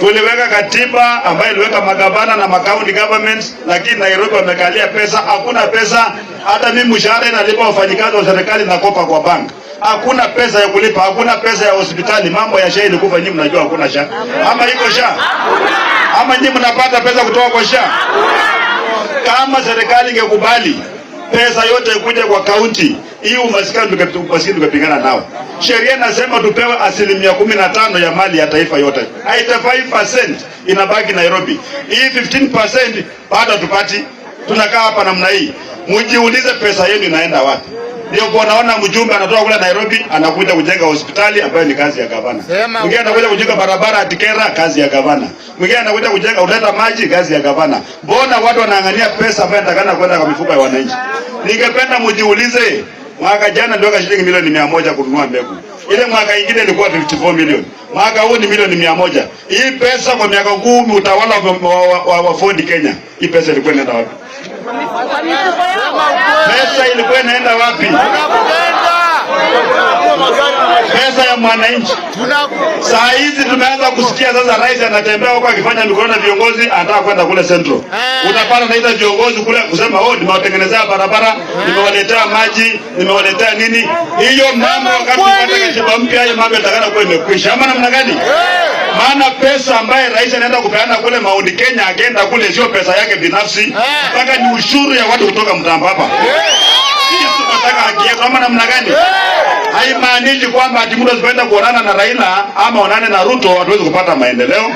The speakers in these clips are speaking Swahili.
Tuliweka katiba ambayo iliweka magavana na makaunti government, lakini Nairobi wamekalia pesa, hakuna pesa. Hata mimi mshahara nalipa wafanyikazi wa serikali nakopa kwa bank, hakuna pesa ya kulipa, hakuna pesa ya hospitali. Mambo ya sha ilikufa, nyinyi mnajua hakuna sha ama iko sha ama nyinyi mnapata pesa kutoka kwa sha. Kama serikali ingekubali pesa yote ikuje kwa kaunti hiyo umasikini tukapigana nao. Sheria inasema tupewe asilimia kumi na tano ya mali ya taifa yote, 85% inabaki Nairobi. Hii 15% bado tupati, tunakaa hapa namna hii. Mjiulize pesa yenu inaenda wapi? Ndio kwa naona mjumbe anatoka kule Nairobi anakuja kujenga hospitali ambayo ni kazi ya gavana. Mwingine anakuja kujenga barabara atikera kazi ya gavana. Mwingine anakuja kujenga uleta maji kazi ya gavana. Mbona watu wanaangania pesa ambayo inatakana kwenda kwa mifuko ya wananchi? Ningependa mjiulize Mwaka jana ndio shilingi milioni mia moja kununua mbegu. Ile mwaka ingine ilikuwa 54 milioni. Mwaka huu ni milioni mia moja. Hii pesa kwa miaka kumi utawala wa wa Ford Kenya. Hii pesa ilikuwa inaenda wapi? Pesa ilikuwa inaenda wapi? mwananchi. Saa hizi tumeanza kusikia sasa, rais anatembea huko akifanya mikono na viongozi, anataka kwenda kule Central. Eh. Utapata naita viongozi kule kusema oh, nimewatengenezea barabara, eh. nimewaletea maji, nimewaletea nini. Hiyo mambo wakati tunataka katiba mpya, hiyo mambo yatakana kuwa imekwisha ama namna gani? Eh. Maana pesa ambaye rais anaenda kupeana kule Mount Kenya, agenda kule sio pesa yake binafsi, mpaka ni ushuru ya watu kutoka mtamba hapa. Sisi tunataka haki yetu ama namna gani? haimaanishi kwamba ati mtu asipoenda kuonana na Raila ama onane na Ruto hatuwezi kupata maendeleo.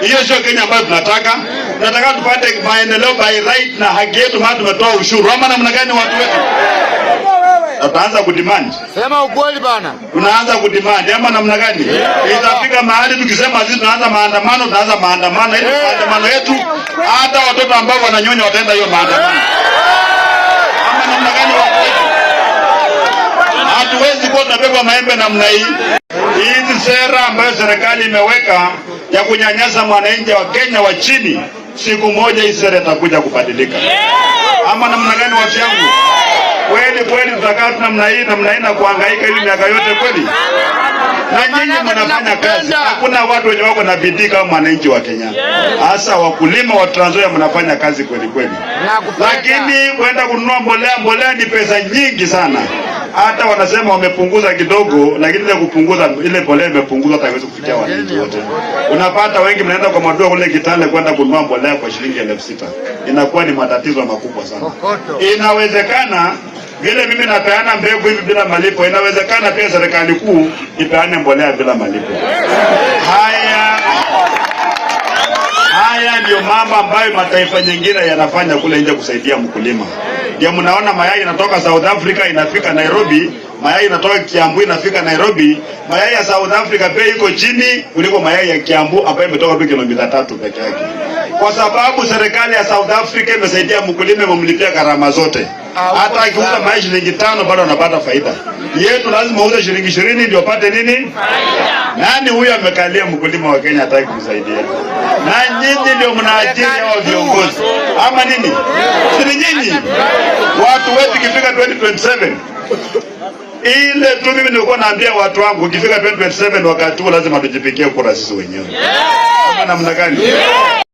Hiyo sio Kenya ambayo tunataka. Tunataka tupate maendeleo by right na haki yetu, maana tumetoa ushuru ama namna gani? Watu wetu tutaanza kudemand. Sema ukweli bana, tunaanza kudemand ama namna gani? Yeah. Itafika mahali tukisema sisi tunaanza maandamano, tunaanza maandamano ili yeah. maandamano yetu, hata watoto ambao wananyonya wataenda hiyo maandamano yeah. ama namna gani? tulikuwa tunabeba maembe namna hii. Hizi sera ambayo serikali imeweka ya kunyanyasa mwananchi wa Kenya wa chini, siku moja hii sera itakuja kubadilika, ama namna gani, watu wangu? Kweli kweli tutakaa tu namna hii namna hii na kuhangaika hivi miaka yote kweli? Na nyinyi mnafanya kazi, hakuna watu wenye wako na bidii kama mwananchi wa Kenya, hasa wakulima wa Trans Nzoia, mnafanya kazi kweli kweli, lakini kwenda kununua mbolea, mbolea ni pesa nyingi sana hata wanasema wamepunguza kidogo, lakini ile kupunguza ile polea imepunguzwa haiwezi kufikia wananchi wote. Unapata wengi mnaenda kwa madua kule Kitale kwenda kununua mbolea kwa shilingi elfu sita inakuwa ni matatizo makubwa sana. Inawezekana vile mimi napeana mbegu hivi bila malipo, inawezekana pia serikali kuu ipeane mbolea bila malipo. ndio mambo ambayo mataifa nyingine yanafanya kule nje kusaidia mkulima. Ndio mnaona mayai inatoka South Africa inafika Nairobi, mayai inatoka Kiambu inafika Nairobi. Mayai ya South Africa bei iko chini kuliko mayai ya Kiambu ambayo imetoka tu kilomita tatu peke yake kwa sababu serikali ya South Africa imesaidia mkulima, imemlipia gharama zote. Hata akiuza mahindi shilingi tano bado anapata faida. Yetu lazima uuze shilingi ishirini ndio apate nini faida. Nani huyu amekalia mkulima wa Kenya hataki kumsaidia? Na nyinyi ndio mnaajiri hao viongozi ama nini? Siri nyinyi watu wetu, ikifika 2027 ile tu mimi nilikuwa naambia watu wangu ukifika 2027 wakati huo lazima tujipikie kura sisi wenyewe. Ama namna gani? Yeah.